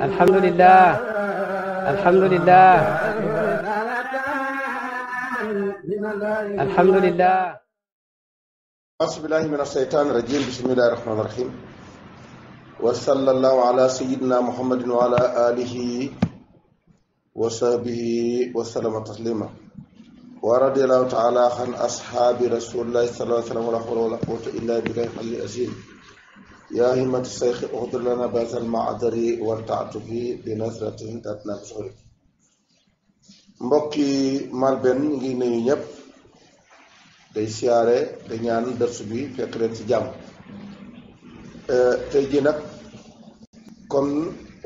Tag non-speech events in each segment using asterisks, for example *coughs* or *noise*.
alhamdulilah alhamdulilah alhamdulilah asbillahi min asheytaan irajim bismillahi rahmaani rahim wa sallallahu ala sayidina muhammadin wa ala alihi wa sahbihi wa sallama taslima wa radiallahu taala an ashaabi rasulillahi sallallahu alayhi wa sallam wa la hawla wala quwwata illa billahi al-ali azim yaa himmati seyxi uxdur lana baytal maadari wal taatufi bi nasratin tatna bi mbokki Malben ñu ngi nuyu ñëpp day siyaare da ñaan dërsu bi fekk leen ci jàmm euh, tey jii nag kon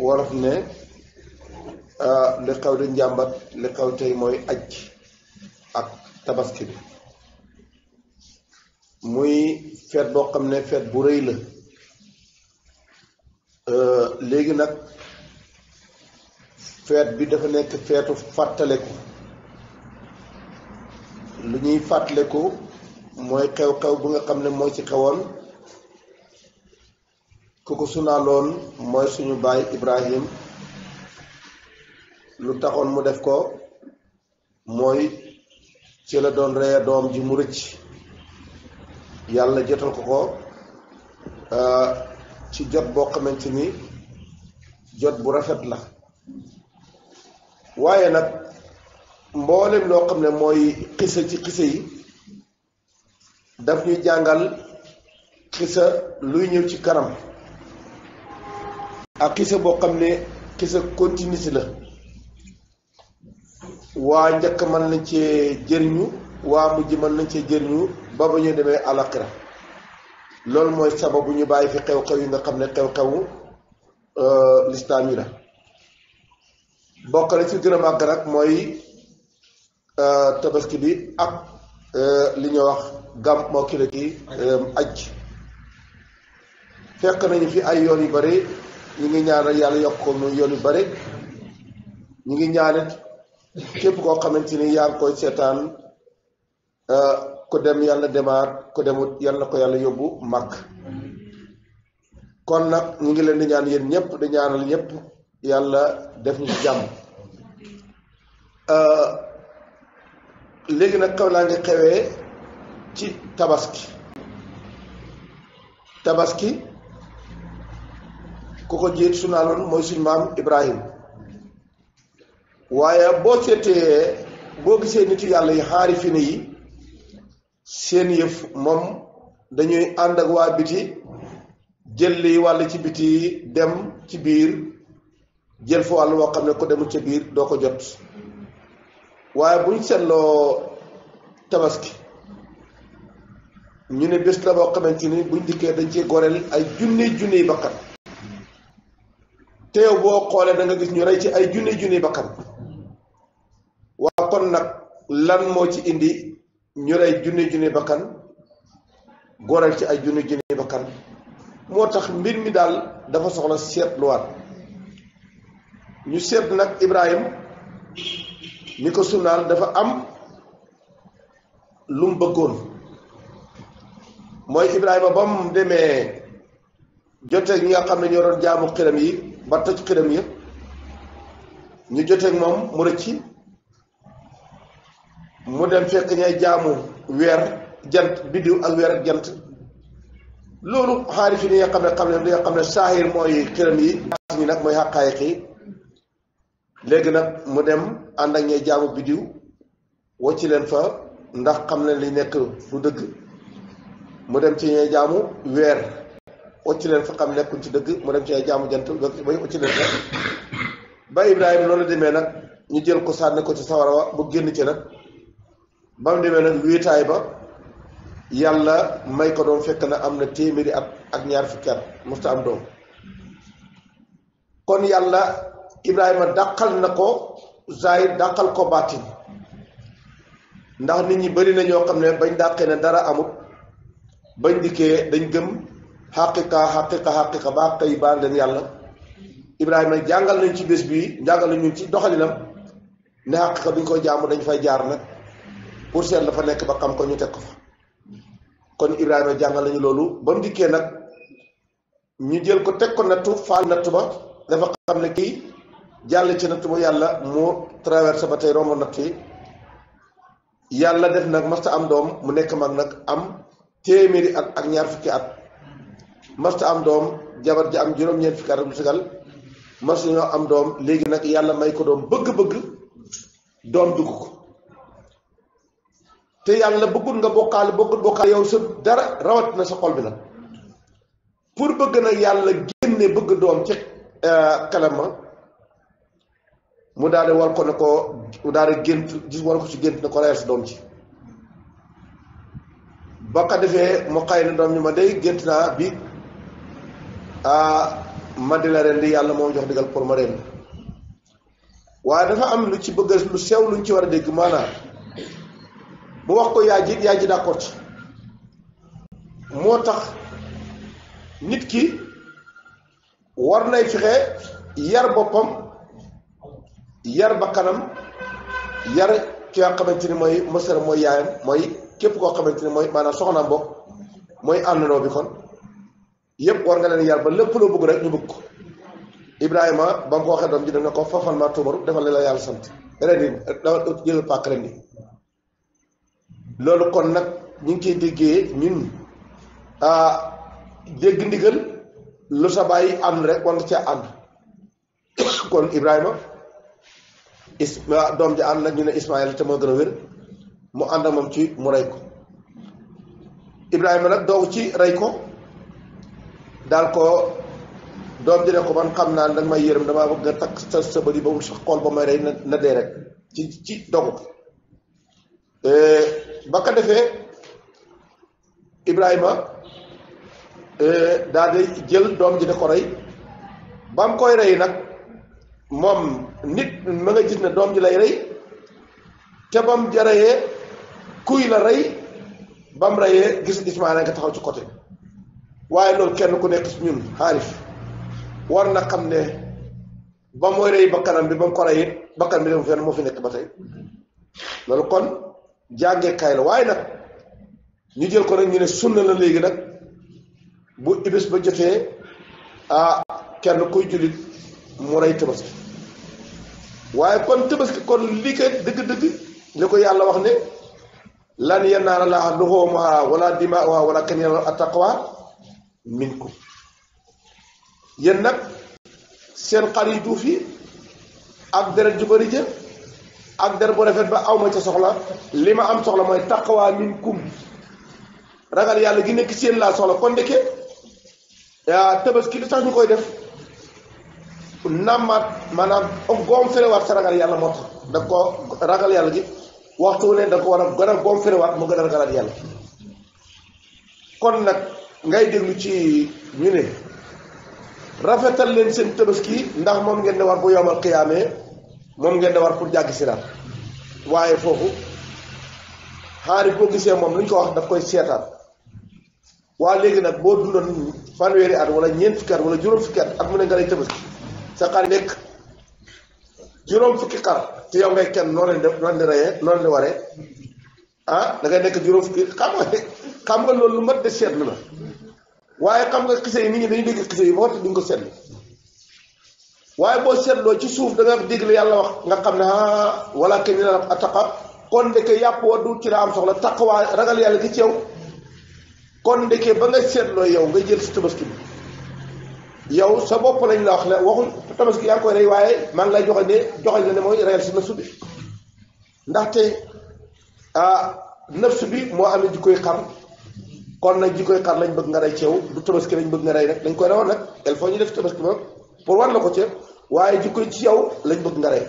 wolof ne euh, li xew di njàmbat li tey mooy aj ak tabaski bi muy feet boo xam ne feet bu rëy la Euh, léegi nag feet bi dafa nekk feetu fàttaleku lu ñuy fàttaleku mooy xew-xew bu nga xam ne mooy ci xewoon ku ko sunaaloon mooy suñu baay Ibrahim lu taxoon mu def ko mooy ci la doon reye doom ji mu rëcc yàlla jotal ko ko euh, ci jot boo xamante ni jot bu rafet la waaye nag mboolem loo xam ne mooy xisa ci xisa yi daf ñuy jàngal xisa luy ñëw ci kanam ak xisa boo xam ne xisa continuité la waa njëkk mën nañ cee jëriñu waa mujj mën nañ cee jëriñu ba ba ñu demee àllaaxira loolu mooy sababu ñu bàyyi fi xew-xew yi nga xam ne xew-xewu euh, lislaam yi la bokk na ci gën a màgg mooy euh, tabaski bi ak euh, li ñu wax gàmm moo kii la kii aj fekk nañu fi ay yoon yu bari ñu ngi ñaanal yàlla yokk ko muy yoon yu bari ñu ngi ñaanit képp koo xamante ni yaa ngi koy seetaan Euh, ko dem yàlla demaat ku demut yàlla ko yàlla yóbbu màkk kon nag ñu ngi leen di ñaan yéen ñëpp di ñaanal ñëpp yàlla def ñu jàmm euh, léegi nag kaw laa ngi xewee ci tabaski tabaski ku ko jiit su naaloon mooy suñ maam Ibrahim waaye boo seetee boo gisee nitu yàlla yi xaarifine yi seen yëf moom dañuy ànd ak waa biti jël li wàll ci biti dem ci biir jël fa wàll woo xam ne ko dem ca biir doo ko jot waaye buñ seetloo tabaski ñu ne bés la boo xamante ni buñ dikkee dañ ci goreel ay junniy junniy bakkan teew boo xoolee da gis ñu rey ci ay junniy junni bakkan waa kon nag lan moo ci indi ñu rey junne junne bakkan goreel ci ay junne junne bakkan moo tax mbir mi daal dafa soxla seetluwaat ñu seet nag Ibrahim mi ko sunnaal dafa am lu mu bëggoon mooy Ibrahima ba mu demee joteeg ñi xam ne ñoo jaamu xiram yi ba toj xiram yi ñu joteeg moom mu rëcc mu dem fekk ñay jaamu weer jant biddiw ak weer ak jant loolu xaari fi ni nga xam ne xam ne li nga xam ne saahir mooy këram yi ñi nag mooy xaqaayiq yi léegi nag mu dem ànd ak ñay jaamu biddiw wacc leen fa ndax xam ne li nekk dëgg mu dem ci ñay jaamu weer wacc leen fa xam nekkuñ ci dëgg mu dem ci ñay jaamu jant bay wacc leen ba Ibrahima noonu la demee nag ñu jël ko sànni ko ci sawara wa bu génn ci nag ba mu demee nag wéetaay ba yàlla may ko doom fekk na am na téeméeri at ak ñaar fukki at am doom kon yàlla Ibrahima dàqal na ko zaahir dàqal ko baatin ndax nit ñi bari na ñoo xam ne bañ dàqee ne dara amut bañ dikkee dañ gëm xaqiqa xaqiqa xaqiqa baa kay baal leen yàlla Ibrahima jàngal nañ ci bés bi jàngal nañ ci doxalinam ne xaqiqa duñ ñu koy jaamu dañ fay jaar nag pour seet la fa nekk ba xam ko ñu teg ko fa kon Ibrahima jàngal nañu loolu ba mu dikkee nag ñu jël ko teg ko nattu faal nattu ba dafa xam ne kii jàll ci nattu ba yàlla mu traversé ba tey romb natt yi yàlla def nag masta am doom mu nekk mag nag am téeméeri at ak ñaar fukki at masta am doom jabar ji am juróom-ñeent fukki at bu sigal masta ñoo am doom léegi nag yàlla may ko doom bëgg-bëgg doom dugg ko te yàlla bëggul nga bokkaale bëggul bokkaale yow sa dara rawat na sa xol bi nag pour bëgg nag yàlla génne bëgg doom ci xelama euh, mu daal di war ko ne ko mu daal di gént gis war ko ci gént ne ko reyal sa doom ci ba ko defee mu ma day gént naa bi ah, ma di la ren di yàlla moom jox digal pour ma ren waaye dafa am lu ci bëgg lu sew luñ ci war a dégg maanaam ba wax ko yaay ji yaay ji d'accord ci moo tax nit ki war nay fexe yar boppam yar bakkanam yar ki nga ni mooy mësara mooy yaayam mooy képp koo xamante ni mooy maanaam soxnaam bokk mooy àndandoo bi kon yëpp war nga leen yar ba lépp loo bëgg rek ñu bëgg ko Ibrahima ba mu ko waxee doom ji dana ko fafal ma tuubaru defal la yàlla sant ren di jël pàkk ren loolu kon nag ñu ngi ciy déggee ñun dégg ndigal lu sa bàyyi ànd rek wala ca ànd *coughs* kon Ibrahima is doom ji ànd nag ñu ne Ismaayil ca moo gën a wér mu ànd ak moom ci mu rey ko Ibrahima nag doogu ci rey ko daal ko doom ji ko man xam naa ne danga may yërëm dama bëgg nga takk sa sa bëri ba mu sax xool ba may rey na na dee rek ci ci dogu Eh, ba ko defee Ibrahima eh, daal jël doom ji de ko rey ba mu koy rey nag moom nit ma nga gis ne doom ji lay rey te ba mu jareyee kuy la rey ba mu reyee gis Ismaayla nga taxaw ci côté waaye loolu kenn ku nekk ñun xaarif war na xam ne ba mooy rey bakkanam bi ba mu ko rey bakkan bi dem fenn moo fi nekk ba tey loolu kon. jàngeekaay la waaye nag ñu jël ko nag ñu ne sunna la léegi nag bu ibis ba jotee ah kenn kuy jullit mu rey tabaski waaye kon tabaski kon lii kay dëgg-dëgg li ko yàlla wax ne lan yanaala laaha luhuumuhaa wala dimaa'uhaa walaakin yanaaluhu at-taqwaa minkum yéen nag seen xar yi ak deret ju jë ak der bu rafet ba aw ma soxla li ma am soxla mooy taqwa min kum ragal yàlla gi nekk seen yéen laa soxla kon ndeke yaa tabaski lu tax ñu koy def nammaat maanaam goom ferewaat sa ragal yàlla moo tax da ko ragal yàlla gi waxtu ne da ko war a gën a goom ferewaat mu gën a ragalaat yàlla kon nag ngay déglu ci ñu ne rafetal leen seen tabaski ndax moom ngeen ne war bu yomal xiyaamee moom ngeen da pour jàggi si siraat waaye foofu xaari boo gisee moom luñ ko wax daf koy seetaan waa léegi nag boo dundoon fanweeri at wala ñeent fukki at wala juróom fukki at at mu ne nga lay tëbës sa xar nekk juróom fukki xar te yow ngay kenn noonu leen def noonu leen reyee noonu waree ah da ngay nekk juróom fukki xam nga xam nga loolu lu mat de seetlu la waaye xam nga xise yi nit ñi dañuy dégg xise yi ba waxtu duñ ko seetlu waaye boo seetloo ci suuf danga nga déglu yàlla wax nga xam ne ah wala ke ñu a taqa kon ndeke yàpp wa du ci la am soxla waa ragal yàlla gi ci yow kon ndeke ba nga seetloo yow nga jël si tabaski bi yow sa bopp lañ la wax ne waxul tabaski yaa ngi waaye maa ngi lay joxal joxal na ne mooy reyal si nafsu ndaxte ah nafsu bi moo amee jikkoy xar kon nag jikkoy xar lañ bëgg nga rey ci yow du tabaski lañ bëgg nga rey rek dañ koy rewoon nag il faut ñu def tabaski ba pour wan na ko ceeb waaye jikko yi ci yow lañ bëgg nga rey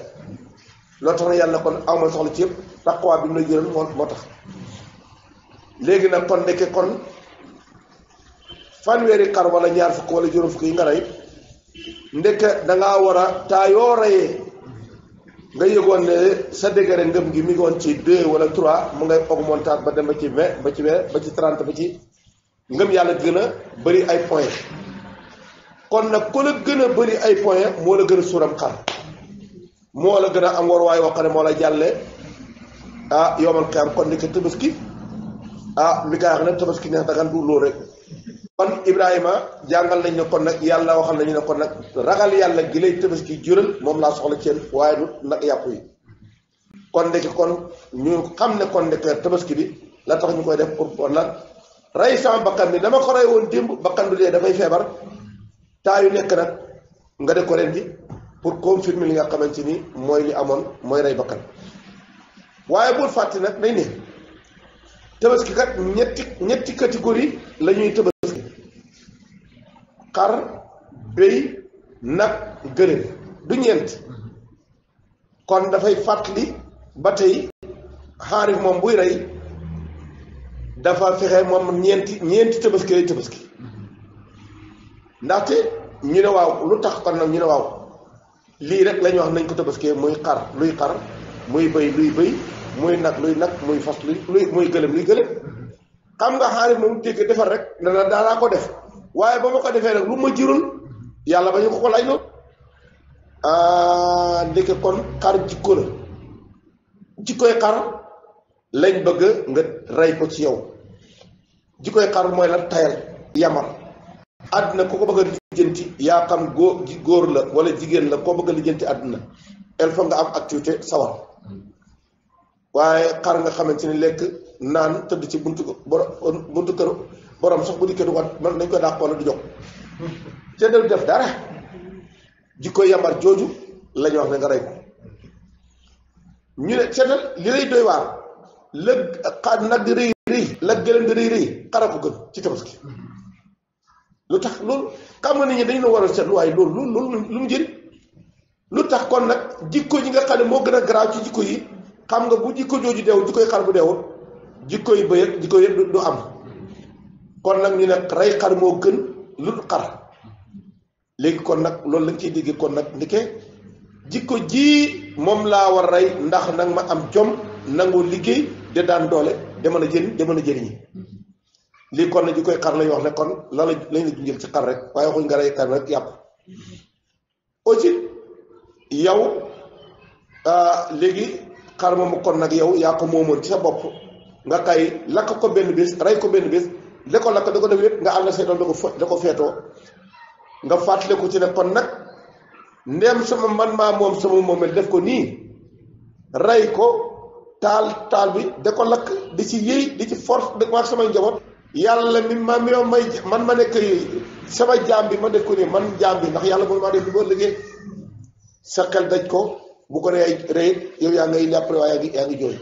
loolu tax na yàlla kon aw ma soxla ceeb taqwa bi mu la jëral moo moo tax léegi nag kon ndekke kon fanweeri xar wala ñaar fukk wala juróom fukk yi nga rey ndekke dangaa war a taa yoo reyee nga yëgoon ne sa degré ngëm gi mi ngi ci deux wala trois mu ngay augmenter ba dem ba ci vingt ba ci vingt ba ci trente ba ci ngëm yàlla gën a bëri ay point kon nag ku la gën a bëri ay point moo la gën a suuram xar moo la gën a am waruwaay wax ne moo la jàlle ah yoomal xiyam kon ni ko tabaski ah mi kaa xam ne tabaski neex dagan du kon Ibrahima jàngal nañ ne kon nag yàlla waxal nañu ne kon nag ragal yàlla gi lay tabaski moom laa soxla ceen waaye du yàpp yi kon kon ñu xam ne kon ndeke bi la tax ñu koy def pour kon nag rey sama bakkan bi dama ko rey woon démb bakkan bi dee dafay feebar taa yu nekk nag nga def ko ren gi pour confirmer li nga xamante ni mooy li amoon mooy rey bakkan waaye bul fàtte nag day ne tabaski kat ñetti ñetti lañuy la ñuy tabaski xar béy nag gëléem du ñeent kon dafay fàttali ba tey xaarif moom buy rey dafa fexe moom ñeenti ñeenti tabaski lay tabaski ndaxte ñu ne waaw lu tax kon nag ñu ne waaw lii rek la ñu wax nañ ko tabaskee muy xar luy xar muy bëy luy bëy muy nag luy nag muy fas luy luy muy gëlëm luy gëlëm xam nga xaalis moom dégg defar rek dana daanaa ko def waaye ba ma ko defee nag lu ma jirul yàlla ba ñu ko ko laaj loolu ah, ndeke kon xar jikko la jikkoy xar lañ bëgg nga rey ko ci yow jikkoy xar mooy la tayal yamar àdduna ku ko bëgg a lijjanti yaa xam gi góor la wala jigéen la koo bëgg a lijjanti àdduna il nga am activité sawar waaye xar nga xamante ni lekk naan tëdd ci buntu borom buntu kër borom sax bu dikkee du wat man nañ koy dàq wala du jox te dal def dara jikko yambar jooju la ñu wax ne nga rey ko ñu ne seetal li lay doy waar la xaar nag rëy rëy la gëlëm di rëy rëy xara ko gën ci tabaski lu tax loolu xam nga nit ñi dañu la war a seetlu waaye loolu loolu lu mu jëriñ lu tax kon nag jikko ji nga xam ne moo gën a garaaw ci jikko yi xam nga bu jikko jooju deewul jikkoy xar bu deewul jikko yi ba yëpp jikko yëpp du am kon nag ñu ne rey xar moo gën lu xar léegi kon nag loolu lañ ciy dégg kon nag ndike jikko ji moom laa war rey ndax nag ma am jom nangu liggéey de daan doole dama la jëriñ dama la jëriñi lii kon nag ji koy xar lañu wax ne kon lan lañ lañ la ci xar rek waaye waxuñ nga rey xar rek yàpp aussi yow ah, léegi xar moomu kon nag yow yaa ko moomoon ci sa bopp nga kay lakk ko benn bés rey ko benn bés li ko lakk da ko def yëpp nga ànd see da ko da nga fàttale ko ci ne kon nag ndeem sama man maa moom sama moomel def ko nii rey ko taal taal bi da ko lakk di ci yëy di ci force di wax samay njaboot yàlla mi ma mi may man ma nekk sama jaam bi ma def nii man jaam bi ndax yàlla moom maa def li ma liggéey sa xel daj ko bu ko rey rey yow yaa ngay indi après waaye yaa ngi jooy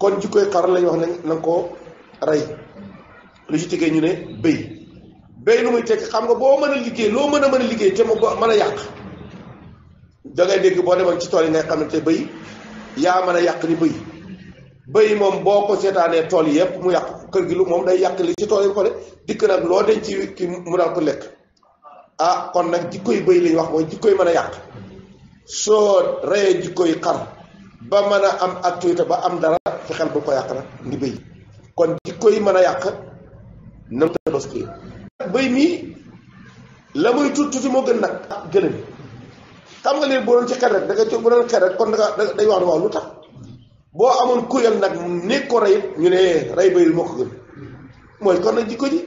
kon jikkoy xar lañu wax na nga koo rey lu ci tegee ñu ne béy béy lu muy tekk xam nga boo mën a liggéey loo mën a mën a liggéey te mu mën a yàq da ngay dégg boo demoon ci tool yi ngay xam ne te béy yaa mën a yàq ni béy béy moom boo ko seetaanee tool yépp mu yàq. kër gi lu moom day yàq li ci tool yi ko de dikk nag loo denc ci ki mu daal ko lekk ah kon nag jikkoy bëy li ñu wax mooy jikkoy mën a yàq soo reyee jikkoy xar ba mën a am activité ba am dara fi xel bu ko yàq nag ndi bëy kon jikkoy mën a yàq nam ta dos ki bëy mii la muy tuut tuuti moo gën nag ah gënal xam nga léegi bu doon ci xel rek da nga jóg bu doon xel kon da nga day wax ne waaw lu tax boo amoon kuréel nag nekk ko rey ñu ne rey bayil moo ko gën mooy kon nag jikko ji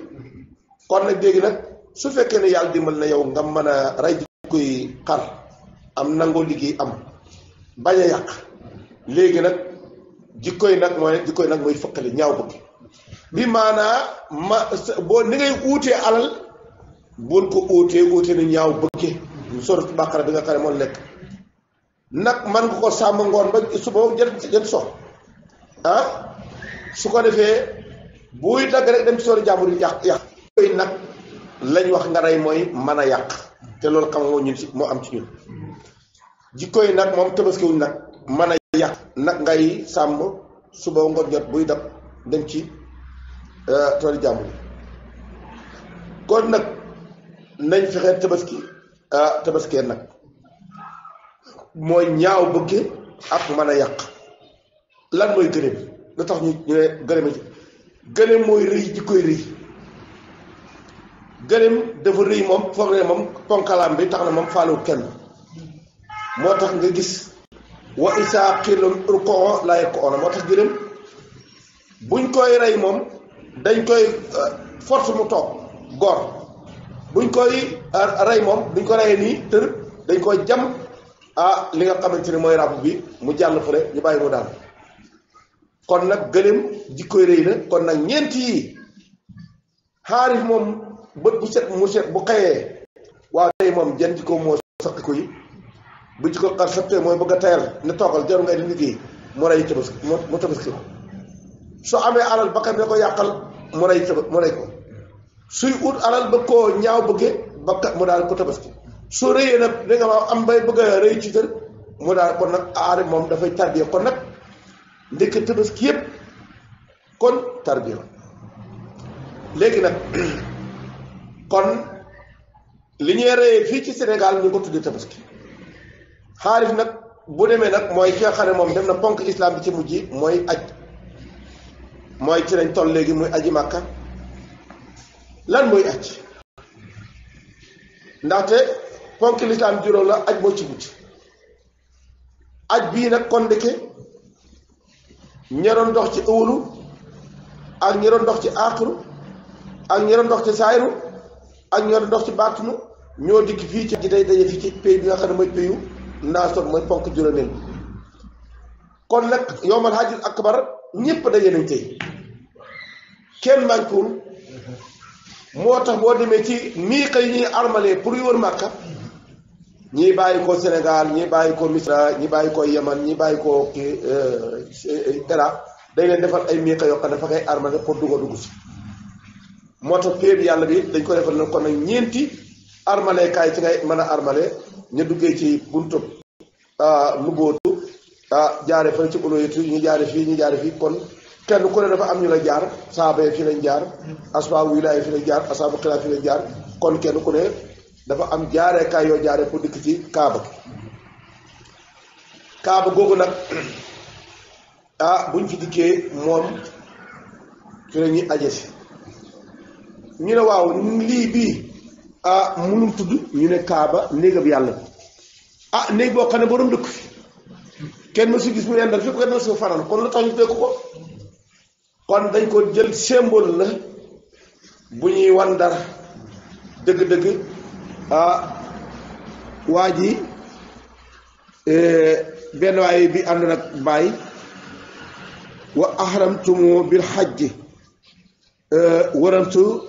kon nag léegi nag su fekkee ne yàlla dimbal na yow nga mën a rey jikko yi xar am nangoo liggéey am bañ a yàq léegi nag jikko yi nag mooy jikko nag mooy fëkkale ñaaw bëgg bi maanaa ma boo ni ngay uutee alal bul ko uutee uutee ni ñaaw bëgge sorut bàqara bi nga xam ne moom nekk nag man nga ko sàmm ngoon ba suba jën jën so ah su ko defee buy dagg rek dem ci toolu jàmbur yi yàq yàq yooyu nag lañ wax nga rey mooy mën a yàq te loolu xam nga moo am ci ñun jikko yi nag moom tabaski nag mën a yàq nag ngay sàmm suba ngoon jot buy dab dem ci toolu euh, jàmbur yi kon nag nañ fexe tabaski ah tabaskee nag mooy ñaaw bëgge ak mën a yàq lan mooy gëléem lu tax ñu ñu ne gëléem a gëléem mooy rëy ji koy rëy gëléem dafa rëy moom foog ne moom ponkalaam bi tax na moom faalu kenn moo tax nga gis wa isaa xiilum buñ koy rey moom dañ koy euh, force mu toog góor buñ koy euh, rey moom buñ ko reyee nii tër dañ koy jam ah li nga xamante ni mooy ràbb bi mu jàll fële ñu bàyyi mu daal kon nag gëléem jikkoy rëy na kon nag ñeent yi xaarif moom bët bu set mu set bu xëyee waaw tey moom jën jikko moo saqi ko yi bu jikko xar saqee mooy bëgg a tayal ne toogal jaru ngay di liggéey mu rey tabaski mu tabaski ko su amee alal bakkan bi ko yàqal mu rey taba mu rey ko suy ut alal ba koo ñaaw bëgge bakkan mu daal ko tabaski soo rëyee nag da nga ma am bay bëgg a ci tër mu daal kon nag aari moom dafay tarbiya kon nag ndekk tabaski yëpp kon tarbiya léegi nag *clears throat* kon li ñuy rëyee fii ci Sénégal ñu ngi ko tuddee tabaski xaarif nag bu demee nag mooy ki nga moom dem na ponk islaam bi ci mujj mooy aj mooy ci lañ toll léegi muy aji màkka lan mooy aj ndaxte ponk lislaam juróom la aj moo ci mujj aj bii nag kon ndeke ña doon ci ëwlu ak ña ndox ci aaxru ak ña ndox ci saayru ak ña doon dox ci baatunu ñoo dikk fii ci ji day daje fii ci pays bi nga xam ne mooy payu naasoon mooy ponk juróomeel kon nag yowmal hajjul akbar ñépp daje nañ tey kenn mànkuwul moo tax boo demee ci miiqa yi ñuy armalee pour yu wër màkka ñi bàyyi ko Sénégal ñi bàyyi ko Misra ñii bàyyi ko Yemen ñii bàyyi ko Iraq euh, euh, dañ leen defal ay miiqa yoo xam ne fa ngay armé pour dugg a dugg si moo tax péeb yàlla bi dañ ko defal kon nag ñeenti armale kaay ci ngay mën a armale ñu duggee ci buntu euh, lu bootu jaare fa ci ulooyatu ñu jaare fii ñu jaare fii kon kenn ku ne dafa am ñu la jaar saaba yi fi lañ jaar asbaabu wilaaya fi lañ jaar asaabu xilaa fi lañ jaar kon kenn ku ne dafa am jaareekaay yoo jaare pour dikk ci kaaba kaaba googu nag *clears throat* ah buñ fi dikkee moom ci la ñuy aje si ñu ne waaw lii bii ah munum tudd ñu ne kaaba néegam yàlla bi ah néeg boo xam ne boroom dëkk fi kenn mësu gis mu ne ndax fi kenn mësu fanaan kon la tax ñu dëkk ko kon dañ ko jël symbole la bu ñuy wan dara dëgg-dëgg ah ji eh, benn waay bi àndoon ak baay wa ahramtumu bil xajji eh, waramtu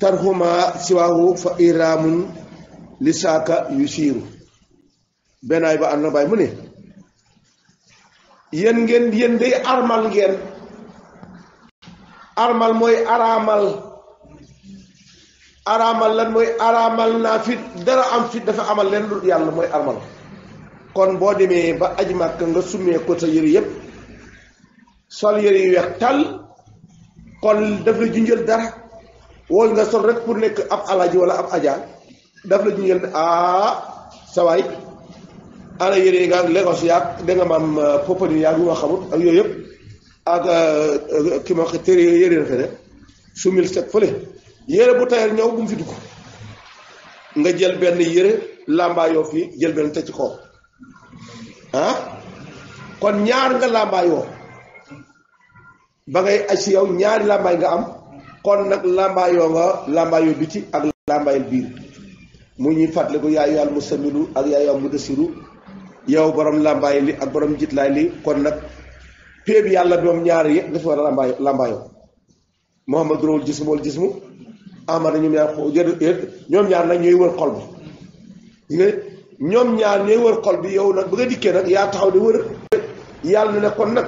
tarxuma siwaahu fa iraamun li saaka yu siiru benn waay ba àndoon baay mu ne yéen ngeen yéen day armal ngeen armal mooy araamal araamal lan mooy araamal naa fit dara am fit dafa amal leen yàlla mooy armal kon boo demee ba aj màkk nga summee ko sa yëre yëpp sol yëre yu weex tàll kon daf la junjal dara wooñ nga sol rek pour nekk ab alaaji wala ab ajaan daf la junjal aa ah, sawaay ana yëre yi nga ak Lagos yaag da maam euh, Popenguine yaag yu ma xamut ak yooyu yëpp ak euh, ki ma wax téere yëre na fe ne set fële yére bu tailleur ñëw bu mu fi dugg nga jël benn yére làmbaayoo fii jël benn te ci ah kon ñaar nga làmbaayoo ba ngay aj si yow ñaari làmbaay nga am kon nag làmbaayoo nga làmbaayoo biti ak làmbaayal biir mu ñuy fàttali ko yaay yàlla mu samilu ak yaay yàlla mu desiru yow borom làmbaay li ak borom jitlaay li kon nag péeb yàlla doom ñaari yëpp nga fi war a làmbaayoo làmbaayoo Muhammad jismu wal jismu amana ñoom ñaar ñoom ñaar nag ñooy wër xol bi ñoom ñaar ñooy wër xol bi yow nag ba nga dikkee nag yaa taxaw di wër yàlla na ne kon nag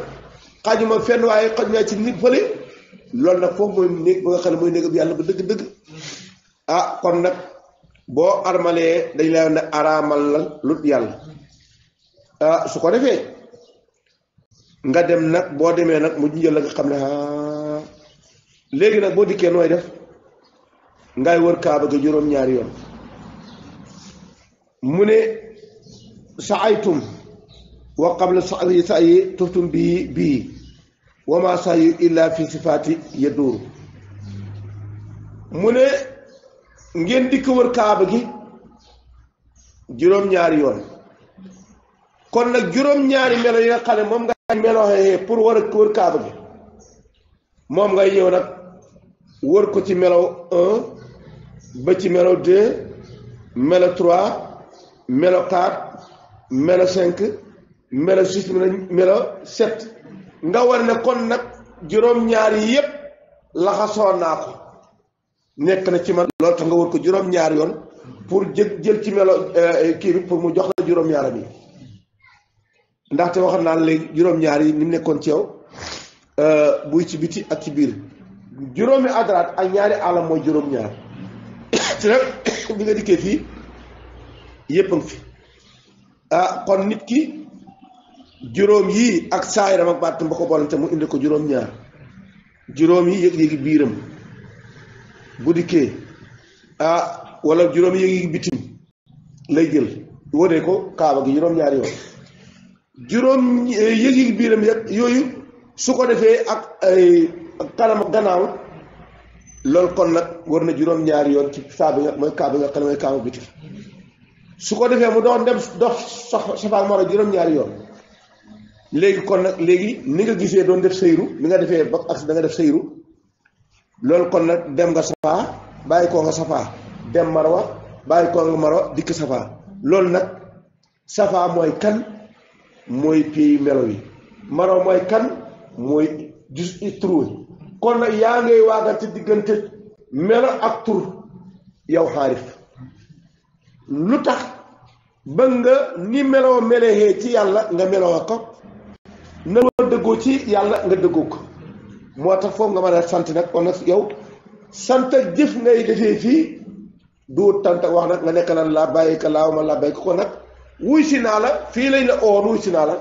xajuma fenn waaye xaj naa ci nit fële loolu nag foofu mooy néeg ne mooy néegam yàlla ba dëgg-dëgg ah, kon nag boo armalee dañ araamal la lut yàlla ah, su ko defee nga dem nag boo demee nag mu junjël xam ne ah, léegi nag boo dikkee nooy def ngay wër kaaba ga juróom-ñaari yoon mu ne saaytum wa qabla sayi sayi tuftum bii bii wa ma sayu illa fi sifaati yaduuru mu ne ngeen dikk wër kaaba gi juróom-ñaari yoon kon nag juróom-ñaari melo yi nga xam ne moom nga meloxee pour war kaaba gi moom ngay ñëw nag wër ko ci melo ba ci melo deux melo trois melo quatre melo cinq melo six melo sept nga war ne kon nag juróom-ñaar yi yëpp laxasoo naa ko nekk na ci man loolu tax nga war ko juróom-ñaar yoon pour jël jël ci melo euh, kii bi pour mu jox la juróom-ñaar yi ndaxte waxam naa léegi juróom-ñaar yi ni mu nekkoon ci yow euh, buy ci biti ak ci biir juróomi adraat ak ñaari alam mooy juróom-ñaar te nag *coughs* bi nga dikkee fii yëpp a ngi fi ah, kon nit ki juróom yii ak saayiram ak baatam ba ko boolante mu indi ko juróom-ñaar juróom yi yëg bu dikkee ah wala juróom yëg-yëgi bitim lay jël wóoree ko kaaba gi juróom-ñaar yoon juróom yëg-yëgi biiram yëg yooyu su ko defee ak ay kanam ak gannaaw. loolu kon nag war na juróom-ñaari yoon ci saa bi nga mooy kaa bi nga xam ne mooy kaamu bitir su ko defee mu doon dem dox safa maro juróom-ñaari yoon léegi kon nag léegi ni nga gisee doon def sëyru ni nga defee ba ak da def sëyru loolu kon nag dem nga safaa bàyyi koo nga safaa dem maro bàyyi koo nga marwa dikk safaa loolu nag safaa mooy kan mooy pii melo yi marwa mooy kan mooy jus i kon nag yaa ngay waagal ci diggante melo ak tur yow xaarif lu tax ba nga ni meloo melexee ci yàlla nga meloo ko na dëggoo ci yàlla nga dëggoo ko moo tax foofu nga mën a sant nag kon nag yow sant ak jëf ngay defee fii du tant wax nag nga nekk naan laa bàyyi ka laaw ma laa bàyyi ko kon nag wuy si naa la fii lañ la oon wuy si naa la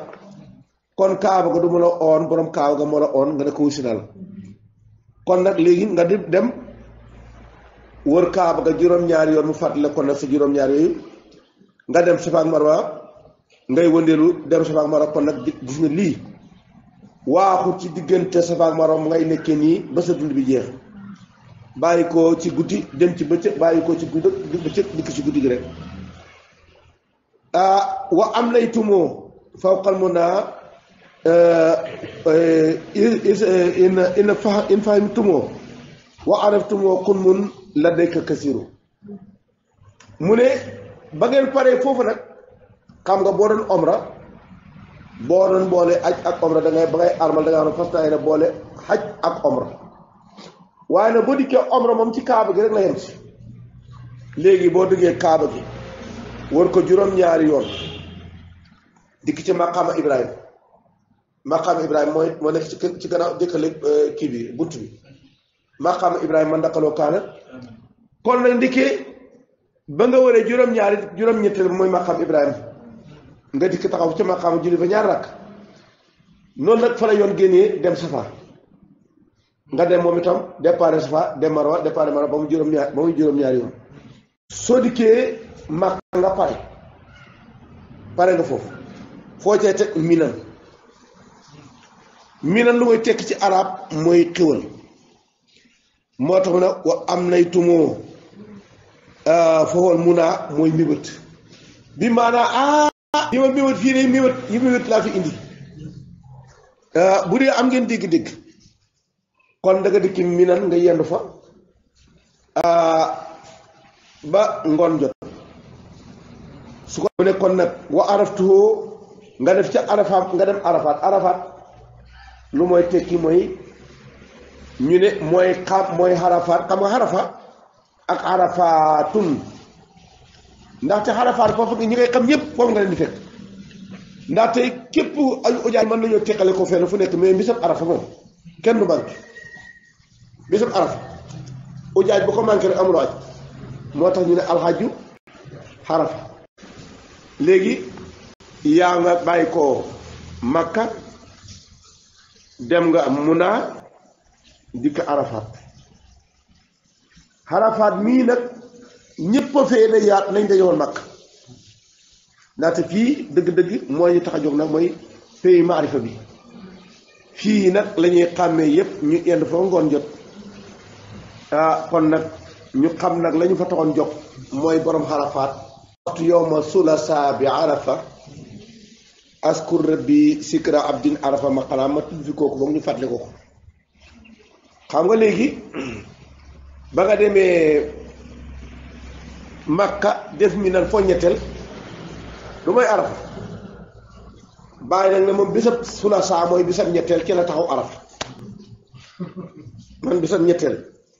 kon kaaba ga du ma la oon borom kaaba ga moo la oon nga ne ko wuy si naa la kon nag léegi nga dem dem wër kaaba ga juróom-ñaari yoon mu fàttale kon nag sa juróom-ñaari yooyu nga dem safa ak marwa ngay wëndeelu dem safa ak kon nag gis nga lii waaxu ci diggante safa ak ngay nekkee nii ba sa dund bi jeex bàyyi ko ci guddi dem ci bëccëg bàyyi ko ci guddi bëccëg dikk ci guddi gi rek ah, wa am lay tumoo fawqal mun naa Uh, uh, uh, ina fa in fahimtumoo wa araftumoo kun mun la dayka kasiru mu ne ba ngeen pare foofu nag xam nga boo doon omra boo doon boole aj ak omra da dangay ba ngay armal da nga xam ne boole ak ak omra waaye nag boo dikkee omra moom ci kaaba gi rek la yem léegi boo duggee kaaba gi war ko juróom-ñaari yoon dikk ci maqaama Ibrahima maqaama Ibrahima mooy moo nekk ci ganaaw gannaaw dëkkale euh, kii bi bunt bi maqaama Ibrahima man daqaloo kaana kon nag ndikkee ba nga waree juróom-ñaari juróom-ñetteel mooy maqaam Ibrahima nga dikk taxaw ci maqaama julli fa ñaar noonu nag fa yoon génnee dem safa nga dem moom itam départ safa dem marwa départ marwa ba juróom-ñaar ba muy ñaari yoon soo dikkee màq nga pare pare nga foofu foo cay teg miinam minan lu muy tekki ci arab mooy xéwal moo tax mu ne wa am nay euh, mooy mébét bi maanaa ah li euh, bu dee am ngeen dégg-dégg kon da nga dikki minan euh, ngoon jot su nag wa araftuhoo nga def ca arafaam nga dem arafaat arafaat lu mooy tekki mooy ñu ne mooy xa mooy xarafaat xam nga xarafa ak xarafaatun ndaxte xarafaat foofu ñi ngay xam ñëpp foofu nga leen di fekk ndaxte képp ay ujaay mën nañoo teqale ko fenn fu nekk mais bisab arafa moom kenn du manqué bisab arafa ujaay bu ko manqué rek amul aj moo tax ñu ne alxaju xarafa léegi yaa nga bàyyi ko makka dem nga Muna dikk Arafat Arafat mii nag ñépp a fee ne yaat nañ dañoo nag ndaxte fii dëgg-dëgg mooy ñu tax a jóg nag mooy pays maarifa bi fii nag lañuy ñuy xàmmee yépp ñu yend foo ngoon jot ah kon nag ñu xam nag lañu ñu fa taxoon jóg mooy borom Arafat waxtu yow ma sula saa bi Arafa askur rabbi sikra abdin arafa maqala ma tudd fi kooku foog ñu fàttali ko xam nga léegi *clears throat* ba nga demee Makka def mi nan foo ñetteel lu mooy arafa bàyyi nag ne moom bisab sulasa mooy bisab ñetteel ci la taxaw arafa man bisab ñetteel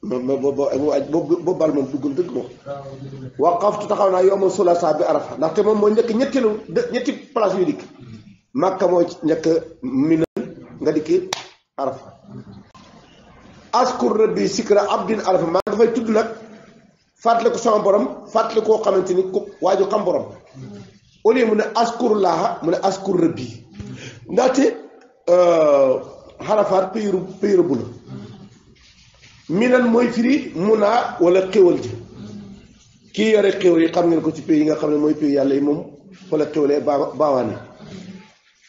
moom boo boo boo bal moom duggul dëgg moom waqaftu taxaw naa yow ma sulasa bi arafa ndaxte moom mooy njëkk ñetteelu ñetti place yu dikk Makka mooy nekk Mina nga dikki Arafa askur rabbi sikra abdin arafa maa nga fay tudd nag fàttali ko sama borom fàttali koo xamante ni ko waaju xam borom au mu ne askur laaha mu ne askur rabbi ndaxte xarafaat euh, payru payru bu la minan mooy firi munaa wala xéwal ji kii yore xéwal yi xam ngeen ko ci pays yi nga xam ne mooy pays yàlla yi moom wala xéwale baawaan yi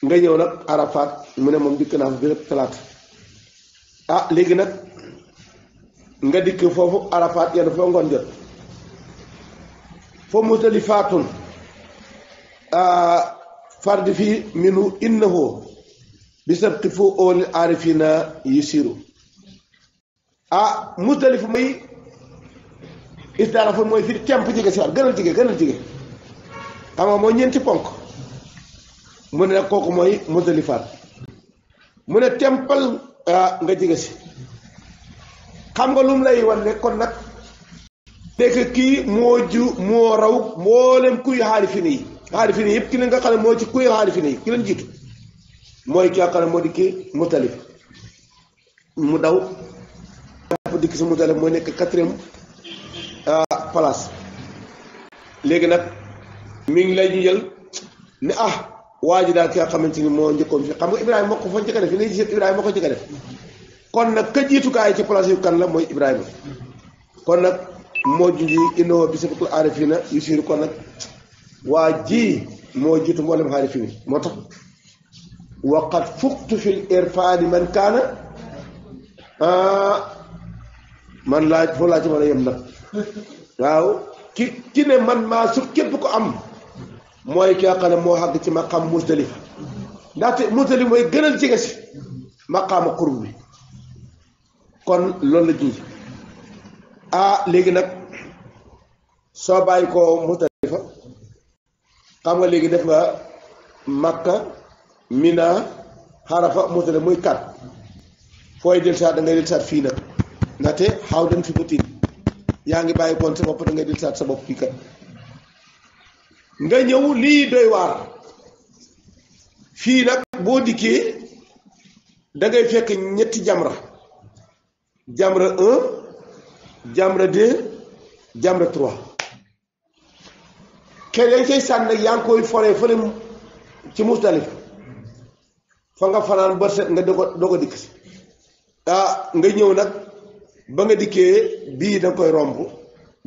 nga ñëw nag Arafat mu ne moom dikk naa fa bérëb talaata ah léegi nag nga dikk foofu Arafat yenn foo ngoon jot foo musdalifaatun ah, fardi fii minu innahu bi sabti fu óoli aarifina yusiru ah musdalifa mooy isdaara foofu mooy firi temp jige si waat gënal jige gënal jige xam nga mooy ñeenti ponk mu ne nag kooku mooy musdalifaat mu ne tempal ah, nga jege si xam nga lum lay wan ne kon nag nekk kii moo ju moo raw mboolem kuy xaalifiin yi xaalifiin yi yëpp ki leen nga xam ne moo ci kuy xaalifiin yi ki leen jiitu mooy ki nga xam ne moo di kii mustalif mu daw jàpp dikk si nekk quatrième ah, place léegi nag mi ngi lay ñu ne ah waa ji daal ni moo njëkkoon xam nga Ibrahima moo ko fa njëkk a moo ko kon nag ka jiitu kan la mooy Ibrahima kon nag moo junji innoo bi sabatul aarifina waa ji moo jiitu mboolem aarifin moo tax waqad fuqtu fil irfaani man kaana ah, man laaj foo laa ci mën a yem nag waaw ki ki ne man maa sut képp ko am. mooy ki nga moo xàgg ci maqaam Muzdalifa ndaxte Muzdalifa mooy gënal jege si maqaamu xurub bi kon loolu la junj ah léegi nag soo bàyyi ko Muzdalifa xam nga léegi def nga Makka Mina Xarafa Muzdalifa muy kat fooy del saat da ngay del saat fii nag ndaxte xaw dem fi ba yaa ngi bàyyi koon sa bopp da ngay del saat sa bopp fii kat nga ñëw lii doy waar fii nag boo dikkee da fekk ñetti jamra jamra un jamra deux jamra trois kenn yaa ngi koy sànni nag yaa ngi koy foree fële ci Musdalifa fa nga fanaan ba nga doo ko doo ko dikk si ah, nga ñëw nag ba nga dikkee bii da koy romb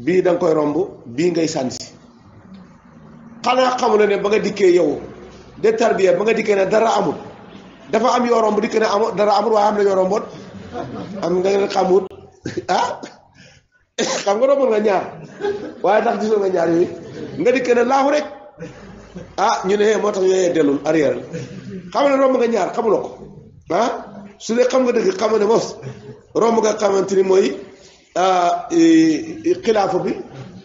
bii da koy romb bii ngay sànni si xanaa xamu la ne ba nga dikkee yow de ba nga dikkee dara amul dafa am yoo romb dikkee ne amul dara amul am na yoo nga ne ah xam nga romboon nga ñaar waaye tax gisoo nga ñaar yooyu nga dikkee rek ah ñu ne moo tax yooyee dellul arrière la xam ne romb nga ñaar xamuloo ko ah su dee xam nga dëgg xam ne mos romb nga xamante ni mooy ah, xilaafa bi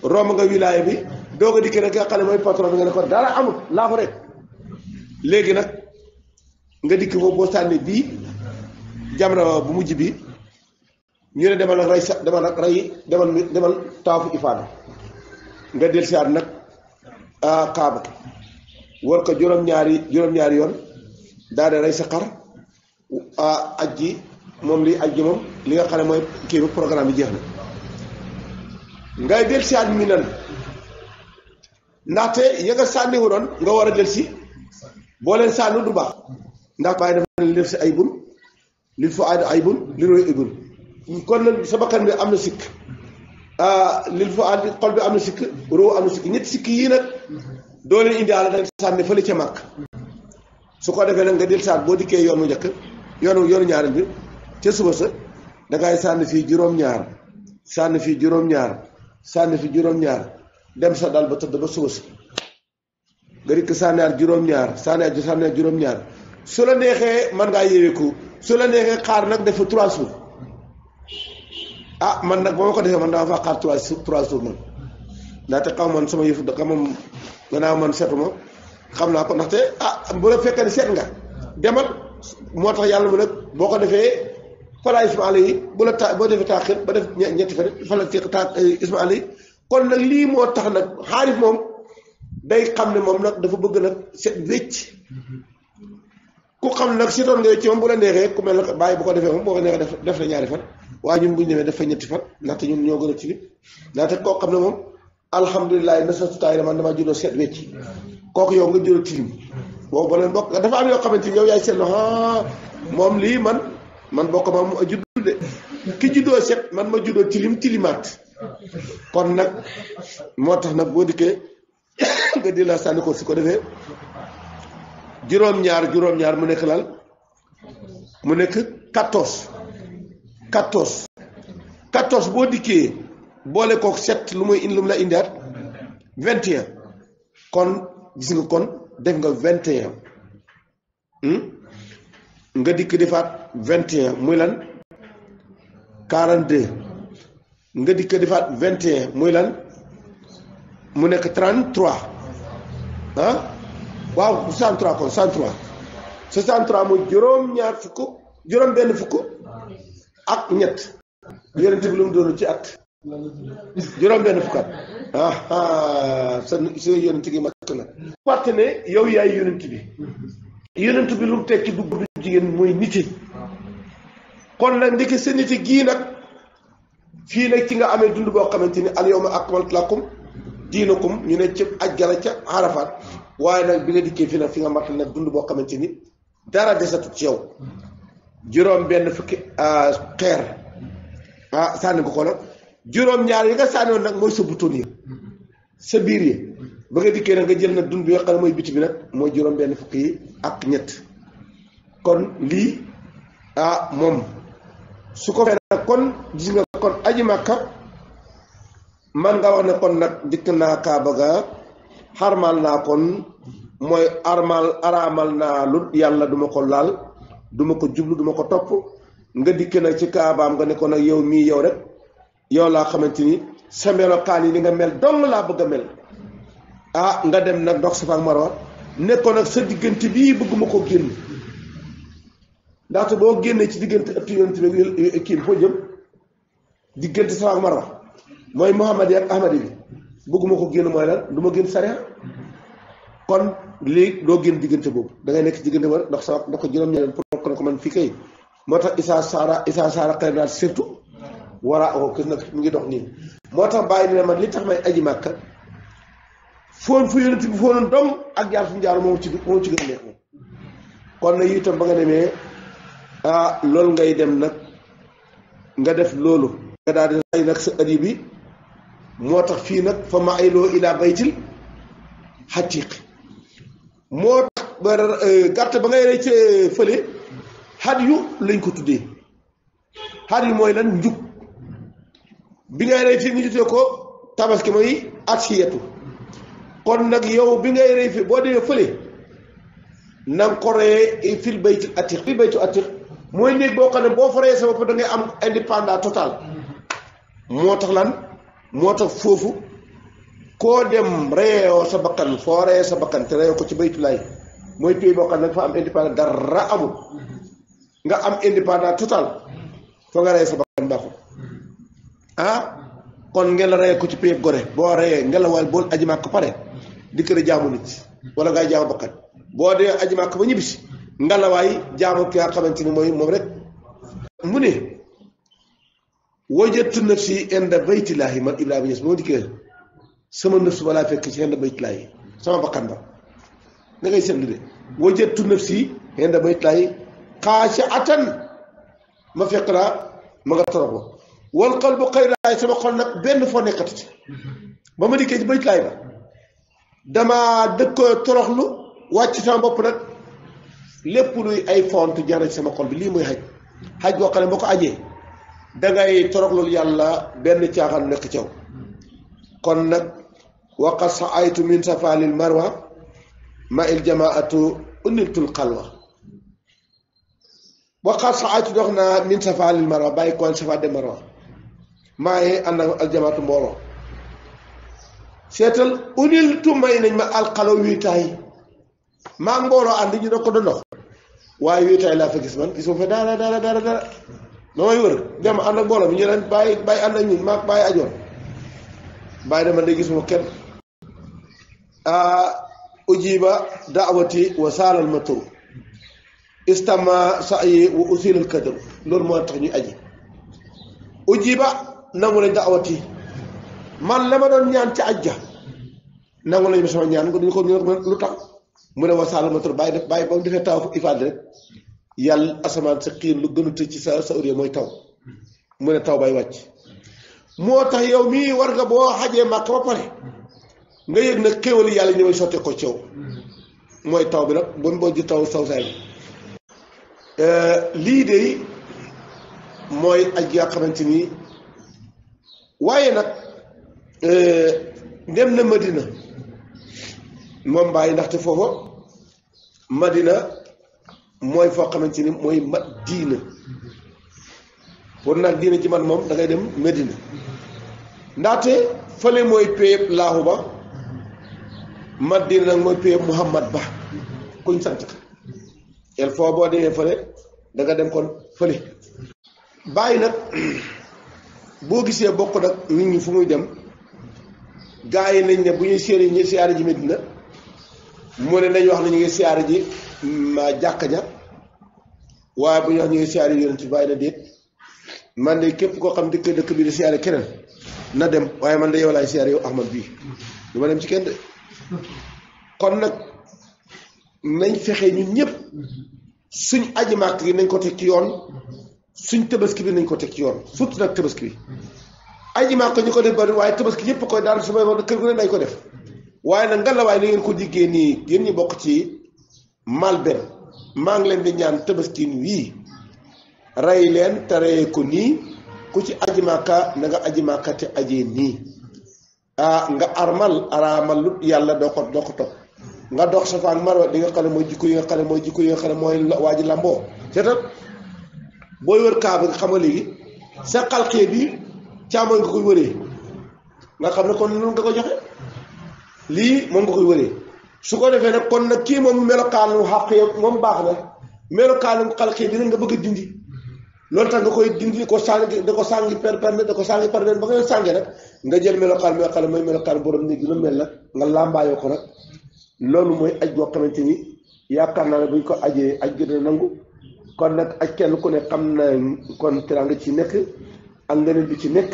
romb nga wilaaya bi doog a dikkee nag nga xam mooy patron bi nga ne ko dara nag nga dikk foofu boo sànni bii jamra bu mujj bi ñu ne demal nag rey sa demal nag rey demal nga del siaat nag kaaba war ko juróom-ñaari juróom-ñaari yoon daal di rey sa xar ajji moom li ajji moom li nga xam ne mooy kii bi programme bi jeex na ngay del siaat mi nan ndaxte ya nga sànni wu doon nga war a del si boo leen sànnu du baax ndax bàyyi dafa leen def si ay bun lil fu aada ay bun li roy ibun kon nag sa bakkan bi am na sikk lil ah, fu aada xol bi am na sikk roo am na sikk ñetti sikk yii nag doo leen indiwaale da nga sànni fële ca màkk su ko defee nag nga del saat boo dikkee yoonu njëkk yoonu yoonu ñaareel bi ca suba sa dangay sànni fii juróom-ñaar sànni fii juróom-ñaar sànni fii juróom-ñaar dem sa dal ba tëdd ba suba si nga dikk sànniyaat juróom-ñaar sànniyaat sànniyaat juróom su la neexee mën ngaa yéeweeku su la neexee xaar nag def fa trois jours ah man nag ba ma ko defee man daa faa xaar trois trois jours man ndaxte xaw man sama yëfu moom gannaaw man seetu ma xam naa ko ndaxte ah bu la fekkee ne seet nga demal moo tax yàlla mu nag boo ko defee fala ismaali yi bu la ta boo defee taaxir ba def ñetti fan fala taax ismaali yi kon nag lii moo tax nag xaarif moom day xam ne moom nag dafa bëgg nag set wécc ku xam nag setoon nga ci moom bu la neexee ku mel ne bàyyi bu ko defee moom boo ko def def na ñaari fan def fa ñetti fan ndaxte ñun ñoo gën a xam ne moom alhamdulilah nasatu taay man damaa juddoo set wécc kooku yow nga juddoo tilim boobu ba leen bokk dafa am yoo xamante ni yow yaay seetlu moom lii man man bokk ma a judd de ki juddoo set man ma juddoo tilim tilimaat. kon nag moo tax nag boo dikkee *coughs* nga di la sànni ko su ko defee juróom-ñaar juróom-ñaar mu nekk laal mu nekk quatorze quatorze quatorze boo dikkee boole kook sept lu muy in lu mu la indiaat vingt un kon gis nga kon def nga vingt un hmm? nga dikk defaat vingt un muy lan quarante deux nga dikk defaat vingt et muy lan mu nekk trente trois ah waaw cent trois kon cent trois soixante trois muy juróom-ñaar fukk juróom-benn fukk ak ñett yonent bi lu mu doon ci at juróom-benn fukk at ah, ah sa sa yonent gi mat ne yow yaay yonent bi yonent bi lu mu tekki du jigéen mooy nit kon la ndeke sa nit yi gii nag. fii nag ci nga amee dund boo xamante ni al yawma akmaltu lakum diinakum ñu ne ci aj gala ca Arafat waaye nag bi nga dikkee fii nag fi nga matal nag dund boo xamante ni dara desatu ci yow juróom benn fukki ah, xeer ah sànni nga ko nag juróom ñaar yi nga sànni woon nag mooy sa butoon yi sa biir yi ba nga dikkee nag nga jël nag dund bi nga xam mooy biti nag mooy juróom benn fukki ak ñett kon lii ah moom su ko fee kon gis nga kon aji makka man nga wax ne kon nag dikk naa kaaba ga xarmal naa kon mooy armal araamal naa lu yàlla duma ko laal duma ko jublu duma ko topp nga dikk nag ci kaabaam nga nekkoon ko yow mii yow rek yow laa xamante ni sa melokaan yi ni nga mel dong laa bëgg a mel ah nga dem nag dox Safa ak Marwa nekkoon nag sa diggante bii bëgguma ko génn ndaxte boo génnee ci diggante ëpp yonent bi kii foo jëm diggante Safa Marwa mooy Muhammad yi ak Ahmadi bi bëgguma ko génn mooy lan du ma génn sariya kon lii doo génn diggante boobu da ngay nekk diggante war ndax sa ndax ko juróom-ñeneen pour ko man fii kay moo tax Isaa Saara Isaa Saara xëy na surtout wara oo kër ngi dox nii moo tax bàyyi ne man li tax may aji màkka foon fu ak jaar fu mu jaar ci ci gën a neex demee. ah loolu ngay dem nag nga def loolu nga daal di ay nag sa adi bi moo tax fii nag fa ma ayloo ilaa baytil xatiq moo tax ba eh, gàtt ba ngay rey ca eh, fële xat yu lañ ko tuddee xat yu mooy lan njug bi ngay rey fii ñu tuddee ko tabaski mooy asiyatu kon nag yow bi ngay rey fii boo demee fële na nga ko reyee fil baytil atiq fil baytil atiq mooy néeg boo xam ne boo fa reyee sa bopp da am indépendant total moo tax lan moo tax foofu koo dem reyoo sa bakkan foo reyee sa bakkan te reyoo ko ci baytulaay mooy pays boo xam ne dafa am indépendant dara amul nga am indépendant total foo nga reyee sa bakkan ah, kon ngeen la ko ci pays gore boo reyee ngeen la waaye bool aji pare di kër a jaamu nit wala ngay jaamu bakkan boo dee aji màkk ba ñibbisi ngalawaay jaamu ki nga xamante mooy moom rek mu ne wajatu nafsi inda baytillahi man Ibrahima Niass moo dikkee sama nafsi balaa fekk ci inda baytillahi sama bakkan ba da ngay seetlu de wajatu nafsi inda baytillahi ma fekk naa ma nga toroxoo wal qalbu xayraay sama xol nag benn foo nekkatu ci ba ma dikkee ci baytillahi ba damaa dëkkoo toroxlu wàcc sama bopp nag. lépp luy ay font jaar sama xol bi lii mooy xaj xaj boo xam ne boo ko ajee dangay toroxlul yàlla benn caaxaan nekk caw kon nag waqat sa aytu min safalil marwa ma il jamaatu uniltul xalwa waqat sa aytu dox naa min safalil marwa de marwa maa ngi ànd ak mbooloo seetal uniltu may nañ ma alxalaw wiy taay maa mbooloo ànd ñu ne ko doon waaye wéetaay laa fa gis man gis ma fa dara dara dara dara damay wër dem ànd ak booloo bi ñu leen bàyyi bàyyi ànd ak ñun maa bàyyi ajoon gis ma kenn ah, ujiba daawati wa saalal matru istama sa'yi wa usilal kadab loolu moo tax ñuy aji ujiba nangu lañ daawati man la doon ñaan ca ajja nangu lañ ma sama ñaan ko duñu ko lu tax mu ne wasaalu ma tur bàyyi def bàyyi ba mu defee taw ifaad rek yàlla asamaan sa xiir lu gën ci sa sa uriya mooy taw mu ne taw bay wàcc moo tax yow mii war nga boo xajee màkk ba pare nga yëg nag xéewali yàlla ñi may sotte ko mooy taw bi nag bon boo ji taw saw saay lii de mooy aj yaa xamante waaye nag dem na Madina moom mbaay ndaxte foofa madina mooy foo xamante ni mooy mat diina pour nag diina ci man moom dangay dem Medina ndaxte fële mooy péyeb laahu ba mat nag mooy péyeb Muhammad ba kuñ sant ka el foo boo demee fële danga dem kon fële bàyyi nag *clears throat* boo gisee bokk nag nit ñi fu muy dem gaa yi nañ ne bu ñuy séeri ñu siyaare ji Medina mu ne dañu wax ne ñu ngi siyaare ji ma mm, jàkka ja waaye bu ñu wax ñu ngi siyaare yonent bi bàyyi na déet man de képp koo xam dëkk dëkk bi di siyaare keneen na dem waaye man de yow laay siyaare yow Ahmad bii du ma dem ci kenn de kon nag nañ fexe ñun ñëpp suñ aji màkk gi nañ ko teg ci yoon suñ tabaski bi nañ ko teg ci yoon surtout nag tabaski bi aji màkk ñu ko def bari waaye tabaski ñëpp koy daan su ma kër gu ne nañ ko def waaye nag ngalawaay li ngeen ko diggee nii yéen ñi bokk ci malben maa ngi leen di ñaan tëbaskin wii rey leen te reyee ko nii ku ci aji màkka na nga aji màkka te ajee nii ah nga armal araamal lu yàlla doo ko doo ko topp nga dox Safa ak Marwa di nga xam ne mooy jikko yi nga xam ne mooy jikko yi nga xam ne waa ji lamboo seetal booy wër kaaba nga xam nga léegi sa xalqee bi càmmoñ nga koy wëree nga xam ne kon noonu nga ko joxe lii moom nga koy wëree su ko defee nag kon nag kii moom melokaanu xàq ya moom baax na melokaanu xalq yi dina nga bëgg a dindi loolu tax koy dindi ko sànni da ko sànni per da ko sànni per per ba nga sànge nag nga jël melokaan melokaan mooy melokaan borom néeg lu mel nag nga làmbaayoo ko nag loolu mooy aj boo xamante ni yaakaar naa ne buñ ko ajee aj gi dina nangu kon nag aj kenn ku ne xam na kon teraanga ci nekk ak ngëneel bi ci nekk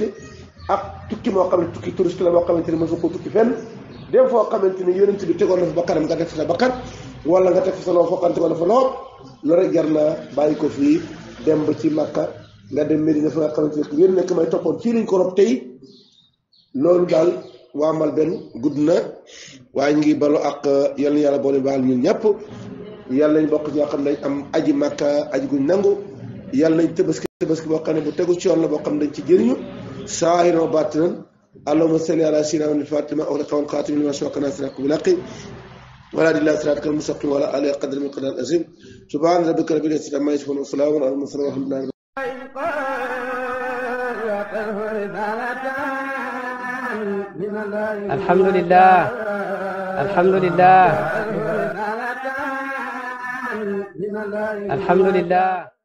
ak tukki moo xam ne tukki touriste la boo xamante ni mosu ko tukki fenn dem foo xamante ni yonent bi tegoon na fa bakkanam nga def fa sa bakkan wala nga teg fa sa loxo fokkante wala fa ko fii dem ba ci Makka nga dem Medina fa nga xamante ni yéen nekk may toppoon ko rob tey loolu daal waa mal Malben gudd na waaye ñu ngi balu ak yal na yàlla boole baal ñun ñëpp yàlla nañ bokk ñoo xam ne am aji Makka aji guñ nangu yàlla nañ tëbaski tëbaski boo xam ne bu tegu ci yoon la boo xam ne dañ ci jëriñu saa yi noo bàtt اللهم صل على سيدنا الفاتح لما أغلق والخاتم لما سبق ناصر الملاقي ولا إلا صراطك المستقيم ولا آل قدر من قدر العظيم سبحان ربك رب العزة عما يصفون وسلام على المرسلين والحمد لله الحمد لله الحمد لله الحمد لله